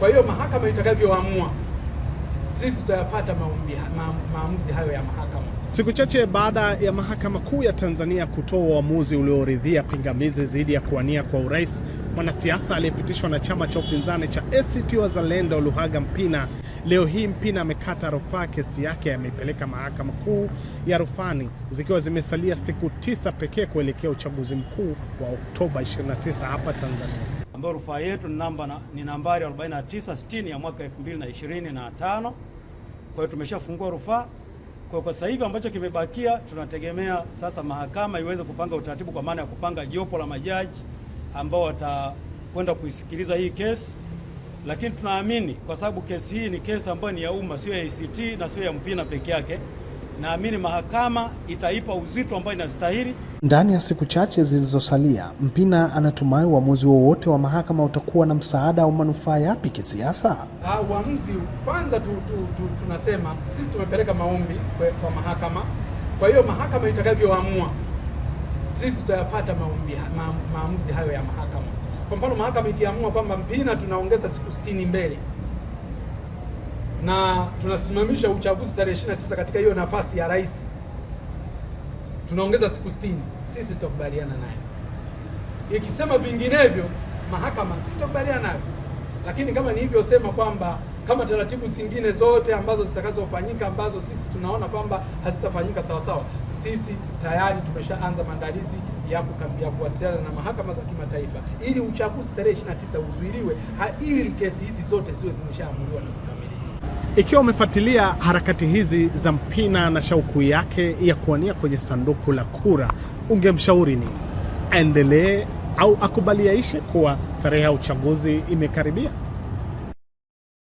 Kwa hiyo mahakama itakavyoamua sisi tutayafuata maamuzi hayo ya mahakama. Siku chache baada ya mahakama kuu ya Tanzania kutoa uamuzi ulioridhia pingamizi dhidi ya kuwania kwa urais, mwanasiasa aliyepitishwa na chama cha upinzani cha ACT Wazalendo Luhaga Mpina, leo hii Mpina amekata rufaa. Kesi yake ameipeleka mahakama kuu ya rufani, zikiwa zimesalia siku tisa pekee kuelekea uchaguzi mkuu wa Oktoba 29 hapa Tanzania ambayo rufaa yetu ni namba ni nambari 4960 ya mwaka 2025. Kwa hiyo tumeshafungua rufaa. Kwa kwa sasa hivi ambacho kimebakia tunategemea sasa mahakama iweze kupanga utaratibu, kwa maana ya kupanga jopo la majaji ambao watakwenda kuisikiliza hii kesi, lakini tunaamini kwa sababu kesi hii ni kesi ambayo ni ya umma, sio ya ACT na sio ya Mpina peke yake naamini mahakama itaipa uzito ambao inastahili. Ndani ya siku chache zilizosalia, Mpina anatumai uamuzi wowote wa, wa mahakama utakuwa na msaada au manufaa yapi kisiasa. Ah, uamuzi kwanza tu, tu, tu, tunasema sisi tumepeleka maombi kwa, kwa mahakama. Kwa hiyo mahakama itakavyoamua sisi tutayapata maamuzi ma, hayo ya mahakama. Kwa mfano mahakama ikiamua kwamba Mpina tunaongeza siku sitini mbele na tunasimamisha uchaguzi tarehe 29 katika hiyo nafasi ya rais, tunaongeza siku 60. Sisi tutakubaliana naye, ikisema vinginevyo mahakama sisi tutakubaliana nayo, lakini kama nilivyosema kwamba kama taratibu zingine zote ambazo zitakazofanyika ambazo sisi tunaona kwamba hazitafanyika sawasawa, sisi tayari tumeshaanza maandalizi ya kukambia kuwasiliana na mahakama za kimataifa ili uchaguzi tarehe 29 uzuiliwe, ili kesi hizi zote ziwe zimeshaamuliwa na ikiwa umefuatilia harakati hizi za Mpina na shauku yake ya kuwania kwenye sanduku la kura, ungemshauri nini? Aendelee au akubaliaishe kuwa tarehe ya uchaguzi imekaribia?